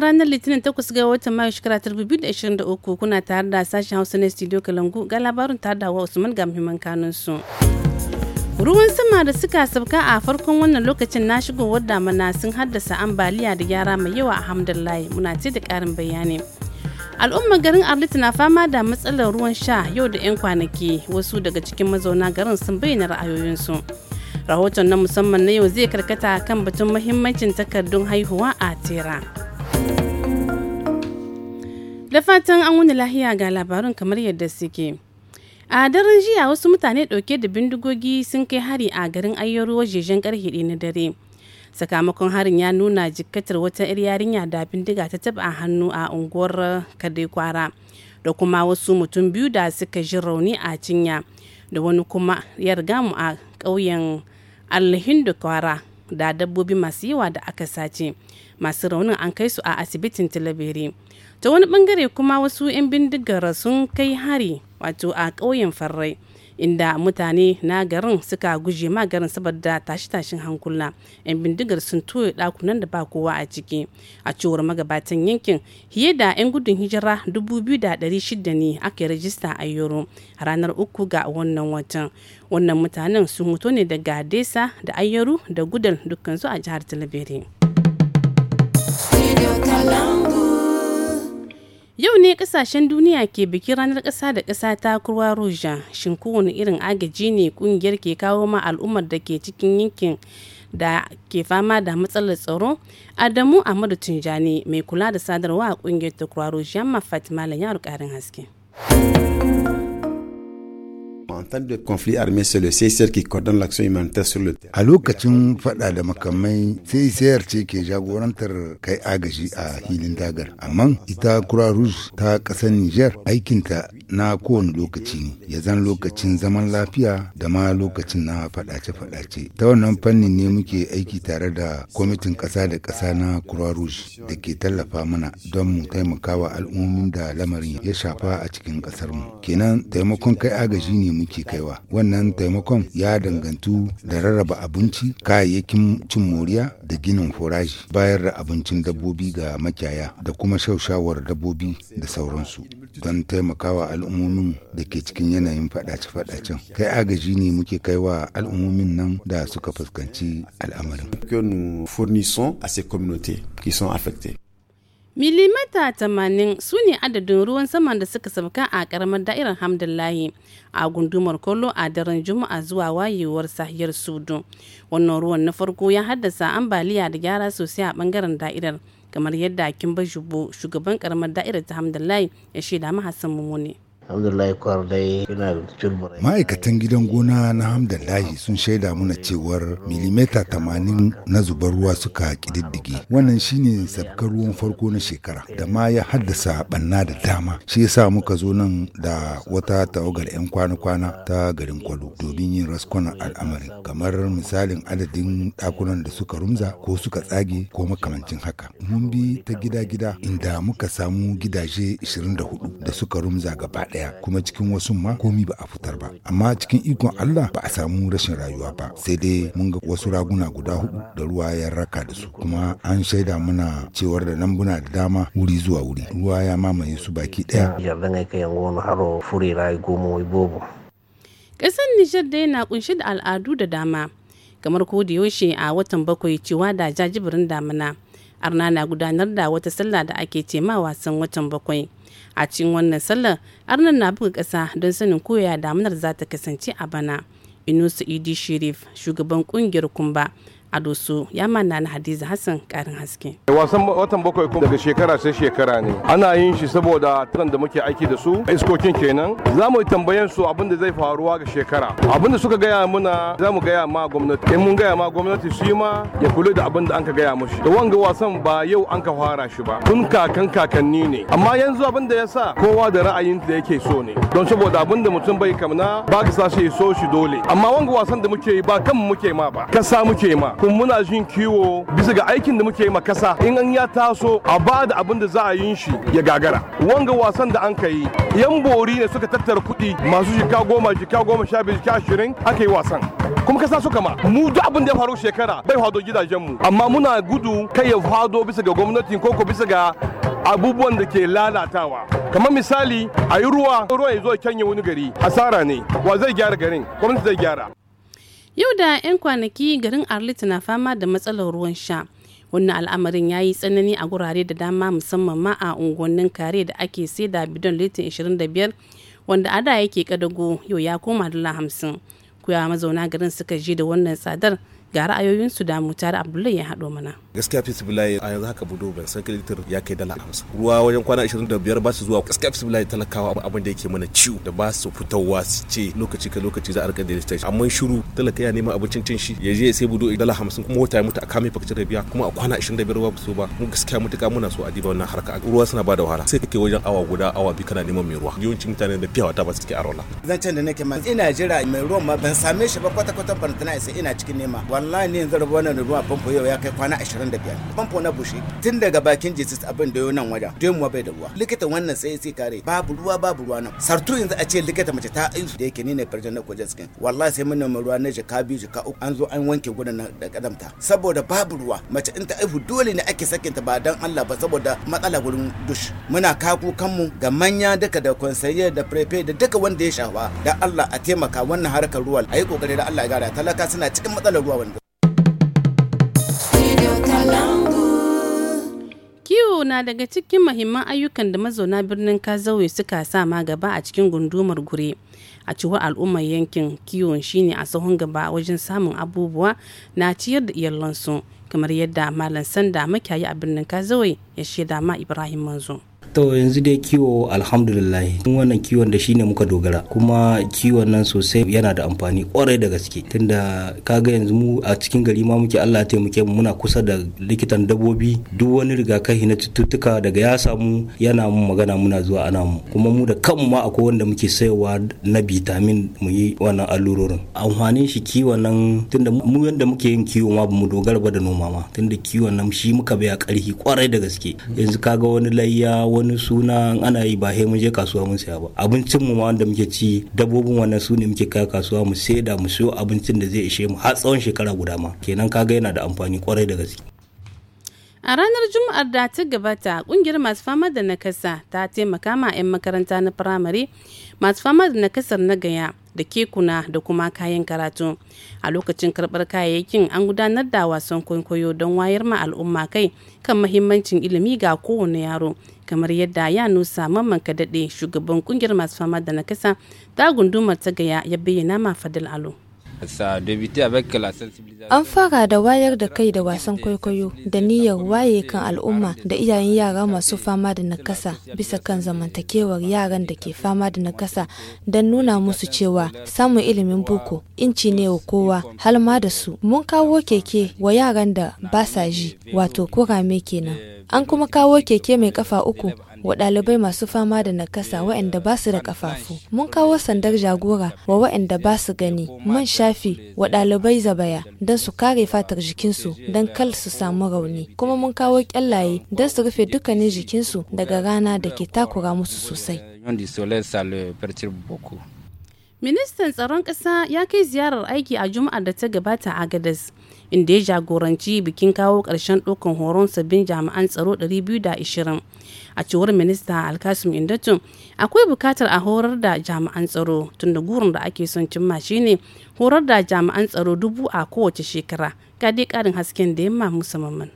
ranar Litinin 8 ga watan Mayu shekara 2023 kuna tare da sashen Hausa na Studio Kalangu ga labarin tare da Usman ga muhimman kanun su. Ruwan sama da suka sabka a farkon wannan lokacin na shigowar damana sun haddasa ambaliya da gyara mai yawa a hamdallahi muna ce da karin bayani. Al'ummar garin Arlit na fama da matsalar ruwan sha yau da 'yan kwanaki wasu daga cikin mazauna garin sun bayyana ra'ayoyinsu. Rahoton na musamman na yau zai karkata kan batun mahimmancin takardun haihuwa a tera. Da fatan an wuni lahiya ga labarun kamar yadda suke. A daren jiya wasu mutane ɗauke da bindigogi sun kai hari a garin ayyaro wajejen karhe na dare. Sakamakon harin ya nuna jikkatar wata 'yar yarinya da bindiga ta taba a hannu a unguwar kwara, da kuma wasu mutum biyu da suka ji rauni a cinya da wani kuma ya riga mu a ƙauyen Alhindu Kwara da dabbobi masu yawa da aka sace. Masu raunin an kai su a asibitin Tilabere. ta wani bangare kuma wasu 'yan bindigar sun kai hari wato a ƙauyen farrai inda mutane na garin suka guje ma garin saboda tashi-tashin hankula yan bindigar sun toye dakunan da ba kowa a ciki a cewar magabatan yankin fiye da yan gudun hijira 2,600 ne aka rajista a yoro ranar uku ga wannan watan wannan mutanen sun mutu ne daga desa da ayyaru da gudan su a jihar talabijin. Yau ne kasashen duniya ke bikin ranar ƙasa da ƙasa ta kurwa Roja, shin kowane irin agaji ne kungiyar ke kawo ma al'ummar da ke cikin yankin da ke fama da matsalar tsaro? Adamu Ahmadu Tunjani mai kula da sadarwa a kungiyar ta kurwa Roja Fatima Malam ya haske. A lokacin faɗa da makamai sai sayar ce ke jagorantar kai agaji a hilin dagar. Amma ita Croix Rouge ta ƙasar Niger aikinta na kowane lokaci ne, ya zan lokacin zaman lafiya da ma lokacin na faɗace-faɗace. Ta wannan fannin ne muke aiki tare da kwamitin ƙasa da ƙasa na Croix Rouge da ke tallafa mana don mu taimakawa al'ummomin da lamarin ya shafa a cikin ƙasarmu. Kenan taimakon kai agaji ne muke ke kaiwa wannan taimakon ya dangantu da rarraba abinci kayayyakin cin moriya da ginin foraji bayar da abincin dabbobi ga makiyaya da kuma shaushawar dabbobi da sauransu don taimakawa al'ummomin da ke cikin yanayin faɗace-faɗacen kai agaji ne muke kaiwa al'ummomin nan da suka fuskanci al'amarin. Milimata tamanin su ne adadin ruwan saman da suka sauka a karamar da'irar hamdullahi a gundumar kolo a daren juma'a zuwa wayewar sahiyar sudu wannan ruwan na farko ya haddasa ambaliya da gyara sosai a bangaren da'irar kamar yadda kimba jubo shugaban karamar da'irar ta hamdullahi ya shaida mahasan mummuni ma'aikatan gidan gona na hamdallahi sun shaida muna cewar milimeta tamanin na zubar ruwa suka kididdige wannan shine sabkar ruwan farko na shekara da ma ya haddasa banna da dama shi yasa muka zo nan da wata tawagar 'yan kwana-kwana ta garin kwalo domin yin raskon al'amarin kamar misalin adadin dakunan da suka rumza ko suka tsage ko makamancin haka mun bi ta gida-gida inda muka samu gidaje 24 da suka rumza gaba ɗaya ɗaya kuma cikin wasu ma komi ba a fitar ba amma cikin ikon Allah ba a samu rashin rayuwa ba sai dai mun ga wasu raguna guda hudu da ruwa ya raka da su kuma an shaida muna cewar da nan buna da dama wuri zuwa wuri ruwa ya mamaye su baki ɗaya. Ƙasar Nijar dai na kunshi da al'adu da dama kamar ko da yaushe a watan bakwai cewa da jajibirin damina arna na gudanar da wata sallah da ake cema ma wasan watan bakwai a cikin wannan sallar arnan na buga ƙasa don sanin koya damunar za ta kasance a bana inusu idi sherif shugaban kungiyar kumba Adoso ya manna na Hadiza Hassan karin haske. Wasan watan bakwai kuma daga shekara sai shekara ne. Ana yin shi saboda tran da muke aiki da su iskokin kenan. Za mu tambayen su abin zai faruwa ga shekara. Abin da suka gaya muna za mu gaya ma gwamnati. In mun gaya ma gwamnati su ma ya kula da abinda da an ka gaya mushi. Da wanga wasan ba yau an ka fara shi ba. Tun kakan kakanni ne. Amma yanzu abinda da ya sa kowa da ra'ayin da yake so ne. Don saboda abinda mutum bai kamna ba ka sa shi so shi dole. Amma wanga wasan da muke yi ba kan muke ma ba. Kasa muke ma. kuma muna jin kiwo bisa ga aikin da muke yi ma kasa in an ya taso a ba da abin da za a yin shi ya gagara wanga wasan da an ka yi yan bori ne suka tattara kuɗi masu jika goma jika goma sha biyu jika ashirin aka yi wasan kuma kasa suka ma mu duk abin da ya faru shekara bai gidajen mu. amma muna gudu kai ya fado bisa ga gwamnati ko ko bisa ga abubuwan da ke lalatawa kamar misali a yi ruwa ruwa ya zo kyanye wani gari asara ne wa zai gyara garin gwamnati zai gyara Yau da 'yan kwanaki garin Arlit na fama da matsalar ruwan sha. Wannan al'amarin ya yi tsanani a gurare da dama musamman ma a unguwannin kare da ake sai da bidon litin 25 wanda a da yake kadago yau ya koma dala 50. kuya mazauna garin suka je da wannan tsadar ga ra'ayoyinsu da mutar Abdullahi ya haɗo mana. gaskiya fi fisibilai a yanzu haka budo ban san litir ya kai dala hamsin ruwa wajen kwana ashirin da biyar ba su zuwa gaskiya fi fisibilai talakawa abin da yake mana ciwo da ba su fitowa su ce lokaci ka lokaci za a rika daidaita shi amma shiru talaka ya neman abincin cin shi ya je ya sai budo dala hamsin kuma wata ya mutu a kame fakcin da biya kuma a kwana ashirin da biyar ba su ba mu gaskiya mutuka muna so a diba wannan harka ruwa suna ba da wahala sai kake wajen awa guda awa biyu kana neman mai ruwa yawancin mutane da fiyawa ta ba su ke arola ce da nake ma ina jira mai ruwan ma ban same shi ba kwata kwata ban tana isa ina cikin nema wallahi ne yanzu rabuwa na ruwa famfo yau ya kai kwana ashirin 25 famfo na bushe tun daga bakin jesus abin da nan wajen don bai da ruwa likita wannan sai sai kare babu ruwa babu ruwa nan sartu yanzu a ce likita mace ta aihu da yake ni ne farjan na kwaje skin wallahi sai mun nemi ruwa na jaka biyu jaka uku an zo an wanke gudan nan da kadamta saboda babu ruwa mace in ta aihu dole ne ake sakin ta ba dan Allah ba saboda matsala gurin dush muna kaku kanmu ga manya duka da konseye da prefe da duka wanda ya shafa da Allah a taimaka wannan harkar ruwa a yi kokari da Allah ya gara talaka suna cikin matsalar ruwa wanda na daga cikin mahimman ayyukan da mazauna birnin Kazawe suka sa ma gaba a cikin gundumar gure. A cewar al'ummar yankin kiwon shine a sahun gaba wajen samun abubuwa na ciyar da iyalansu kamar yadda Malam Sanda makiyayi a birnin Kazawe ya shaida ma Ibrahim Manzo. to yanzu dai kiwo alhamdulillah wannan kiwon da shine muka dogara kuma kiwon nan sosai yana da amfani kwarai da gaske tunda kaga yanzu mu a cikin gari ma muke Allah ya muke muna kusa da likitan dabbobi duk wani rigakafi na cututtuka daga ya samu yana mu magana muna zuwa ana mu kuma mu da kanmu ma akwai wanda muke sayowa na vitamin mu yi wannan allurorin amfanin shi kiwon nan tunda mu yanda muke yin kiwo ma bamu dogara ba da noma ma tunda kiwon nan shi muka a karfi kwarai da gaske yanzu kaga wani layya wani suna ana yi ba mun je kasuwa mun saya ba abincin mu ma wanda muke ci dabbobin wannan su ne muke kai kasuwa mu saida mu siyo abincin da zai ishe mu har tsawon shekara guda ma kenan kaga yana da amfani kwarai da gaske A ranar Juma'ar da ta gabata, kungiyar masu fama da nakasa ta taimaka ma 'yan makaranta na firamare masu fama da nakasar na gaya da kekuna da kuma kayan karatu a lokacin karbar kayayyakin an gudanar da wasan kwaikwayo don wayar ma al'umma kai kan mahimmancin ilimi ga kowane yaro kamar yadda ya nusa mamman kadaɗe shugaban kungiyar masu fama da nakasa ta gundumar ta gaya ya bayyana ma fadil alu An fara da wayar da kai da wasan kwaikwayo da niyyar waye kan al'umma da iyayen yara masu fama da nakasa bisa kan zamantakewar yaran da ke fama da nakasa don nuna musu cewa samun ilimin boko inci ne wa kowa har ma da su. Mun kawo keke wa yaran da ba sa ji wato kurame kenan. An kuma kawo keke mai kafa uku wa ɗalibai masu fama da nakasa waɗanda ba su da kafafu mun kawo sandar jagora wa waɗanda ba su gani man shafi wa ɗalibai zabaya don su kare fatar jikinsu don kal su samu rauni kuma mun kawo kyallaye don su rufe dukkanin jikinsu daga rana da ke takura musu sosai Ministan tsaron ƙasa ya kai ziyarar aiki a Juma'ar da ta gabata a Gadas. inda ya jagoranci bikin kawo ƙarshen ɗaukan horon sabbin jami'an tsaro 220 a cewar minista alkasim indatu akwai bukatar a horar da jami'an tsaro tunda gurin da ake son cimma shine horar da jami'an tsaro dubu a kowace shekara ga dai karin hasken da yamma musamman.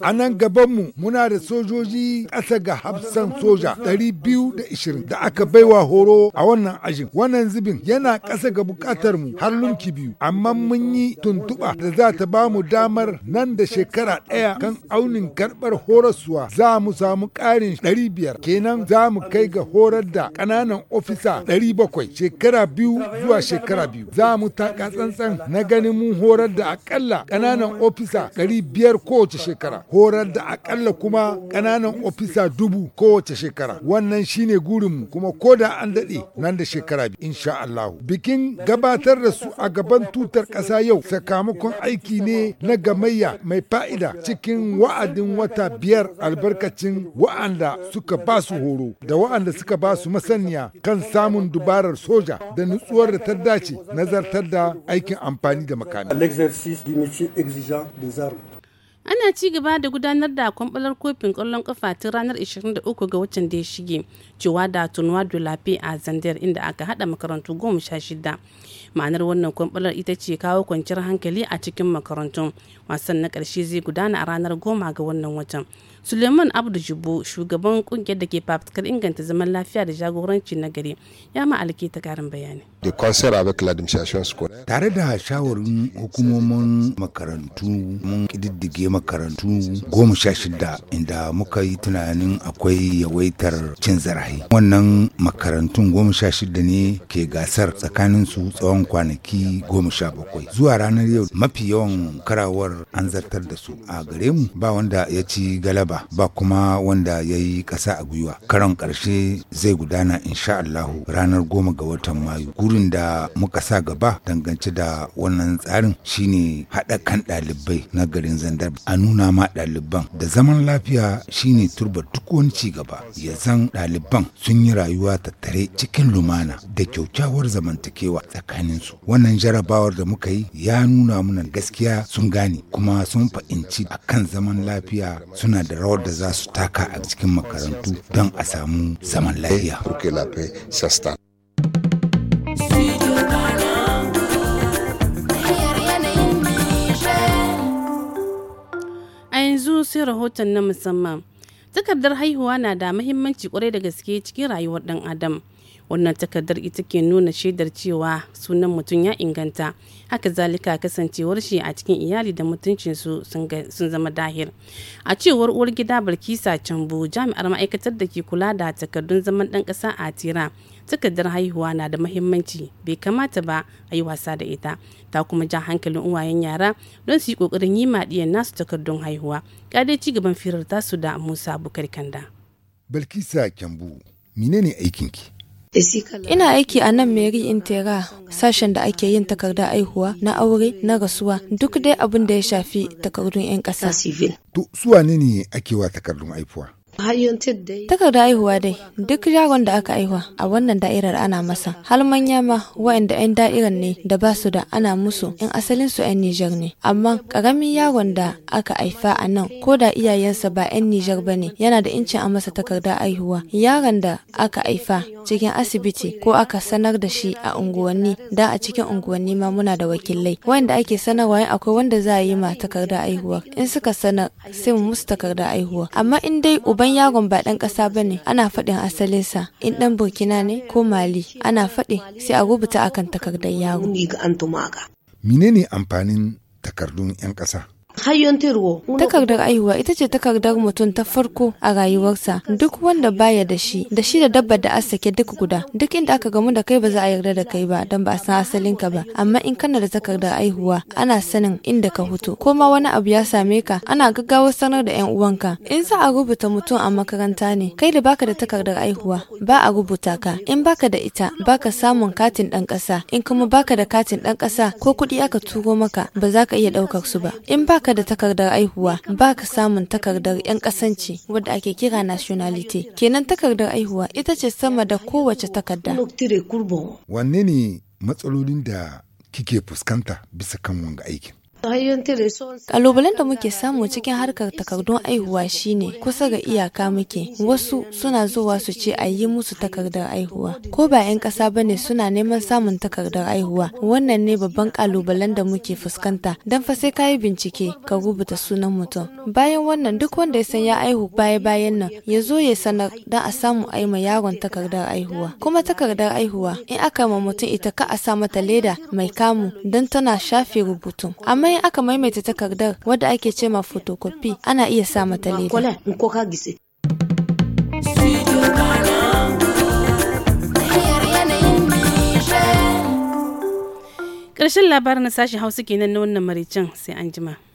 A nan gabanmu muna da sojoji ƙasa ga hafsan soja 220 da aka baiwa horo a wannan ajin. Wannan zubin yana ƙasa ga buƙatar mu har lunki biyu, amma mun yi tuntuɓa da za ta ba mu damar nan da shekara ɗaya kan aunin karɓar horaswa za mu samu ƙarin 500 kenan za mu kai ga horar da ƙananan ofisa 700 shekara biyu zuwa shekara biyu. Za mu taka tsantsan na ganin mun horar da da akalla ƙananan ofisa biyar kowace shekara horar da akalla kuma ƙananan ofisa dubu kowace shekara wannan shine gurinmu kuma ko da an daɗe nan da shekara biyu insha Allah bikin gabatar da su a gaban tutar ƙasa yau sakamakon aiki ne na gamayya mai fa'ida cikin wa'adin wata biyar albarkacin wa'anda suka ba su horo da wa'anda suka ba su masaniya kan samun dubarar soja da nutsuwar da ta dace nazartar da aikin amfani da makami. l'exercice du métier exigeant des armes. ana ci gaba da gudanar da kwambalar kofin kwallon kafa tun ranar 23 ga watan da ya shige cewa da tunuwa dolafe a zandar inda aka hada makarantu goma sha shida ma'anar wannan kwambalar ita ce kawo kwanciyar hankali a cikin makarantun wasan na ƙarshe zai gudana a ranar goma ga wannan watan suleiman abdu jibo shugaban kungiyar da ke fafutukar inganta zaman lafiya da jagoranci na gari ya ma ta karin bayani tare da shawarin hukumomin makarantu mun kididdige makarantu goma sha shida inda muka yi tunanin akwai yawaitar cin zarafi wannan makarantun goma sha shida ne ke gasar tsakanin su tsawon yawan kwanaki goma sha bakwai zuwa ranar yau mafi yawan karawar an zartar da su a gare mu ba wanda ya ci galaba ba kuma wanda ya yi ƙasa a gwiwa karon karshe zai gudana insha Allahu ranar goma ga watan mayu gurin da muka sa gaba dangance da wannan tsarin shine haɗa kan ɗalibai na garin zandar a nuna ma ɗaliban da zaman lafiya shine turba duk wani ci gaba ya zan ɗaliban sun yi rayuwa tattare cikin lumana da kyaukyawar zamantakewa tsakanin tsakaninsu wannan jarabawar da muka yi ya nuna mana gaskiya sun gane kuma sun fahimci a kan zaman lafiya suna da rawar da za su taka a cikin makarantu don a samu zaman lafiya a yanzu sai rahoton na musamman takardar haihuwa na da mahimmanci kwarai da gaske cikin rayuwar dan adam wannan takardar ita ke nuna shaidar cewa sunan mutum ya inganta haka zalika kasancewar shi a cikin iyali da mutuncin su sun zama dahir a cewar uwar gida barkisa cambu jami'ar ma'aikatar da ke kula da takardun zaman dan kasa a tira takardar haihuwa na da mahimmanci bai kamata ba a yi wasa da ita ta kuma ja hankalin uwayen yara don su yi kokarin yi maɗiyan nasu takardun haihuwa ƙadai ci gaban firar tasu da musa bukar kanda balkisa kyambu menene aikinki Ina aiki a nan Mary Intera sashen da ake yin takardar haihuwa na aure na rasuwa duk dai abin da ya shafi takardun 'yan ƙasa. To suwa ne ne ake wa takardun haihuwa. Takarda aihuwa dai duk yaron da aka aihuwa a wannan da'irar ana masa har manya ma wa'anda 'yan da'irar ne da ba su da ana musu in asalin su 'yan Nijar ne amma karamin yaron da aka aifa a nan ko da iyayensa ba 'yan Nijar ba ne yana da incin a masa takarda aihuwa yaron da aka aifa cikin asibiti ko aka sanar da shi a unguwanni da a cikin unguwanni ma muna da wakilai Wa'anda ake sanarwa akwai wanda za a yi ma takarda aihuwa in suka sanar sai mu musu takarda aihuwa amma in dai uban dan yaron ba dan kasa ba ne ana faɗin sa in dan burkina ne ko mali ana fadi sai a rubuta akan takardar yaro menene amfanin takardun 'yan kasa. Takardar aihuwa ita ce takardar mutum ta farko a rayuwarsa duk wanda baya da shi da shi da dabba da asake ke duk guda duk inda aka gamu da kai ba za a yarda da kai ba don ba a san asalin ka ba amma in kana da takardar aihuwa ana sanin inda ka hutu ko ma wani abu ya same ka ana gaggawa sanar da yan uwanka in za a rubuta mutum a makaranta ne kai da baka da takardar aihuwa ba a rubuta ka in baka da ita baka samun katin dan kasa in kuma baka da katin dan kasa ko kuɗi aka turo maka ba za ka iya ɗaukar su ba in baka baka da takardar aihuwa baka samun takardar yan kasance wadda ake kira nationality kenan takardar aihuwa ita ce sama da kowace takarda wanne ne matsalolin da kike fuskanta bisa kan wanga aikin Kalubalen da muke samu cikin harkar takardun aihuwa shine kusa ga iyaka muke wasu suna zuwa su ce a yi musu takardar aihuwa ko ba 'yan kasa ba ne suna neman samun takardar aihuwa wannan ne babban kalubalen da muke fuskanta don fa sai kayi bincike ka rubuta sunan mutum bayan wannan duk wanda ya san ya aihu baya bayan nan ya zo ya sanar don a samu ai ma yaron takardar aihuwa kuma takardar aihuwa in aka ma mutum ita ka a sa mata leda mai kamu don tana shafe rubutu. amma bayan aka maimaita takardar wadda ake ce ma photocopy ana iya sa mata karshen ƙarshen labarin na sashen hausa kenan na wannan maricin sai an jima.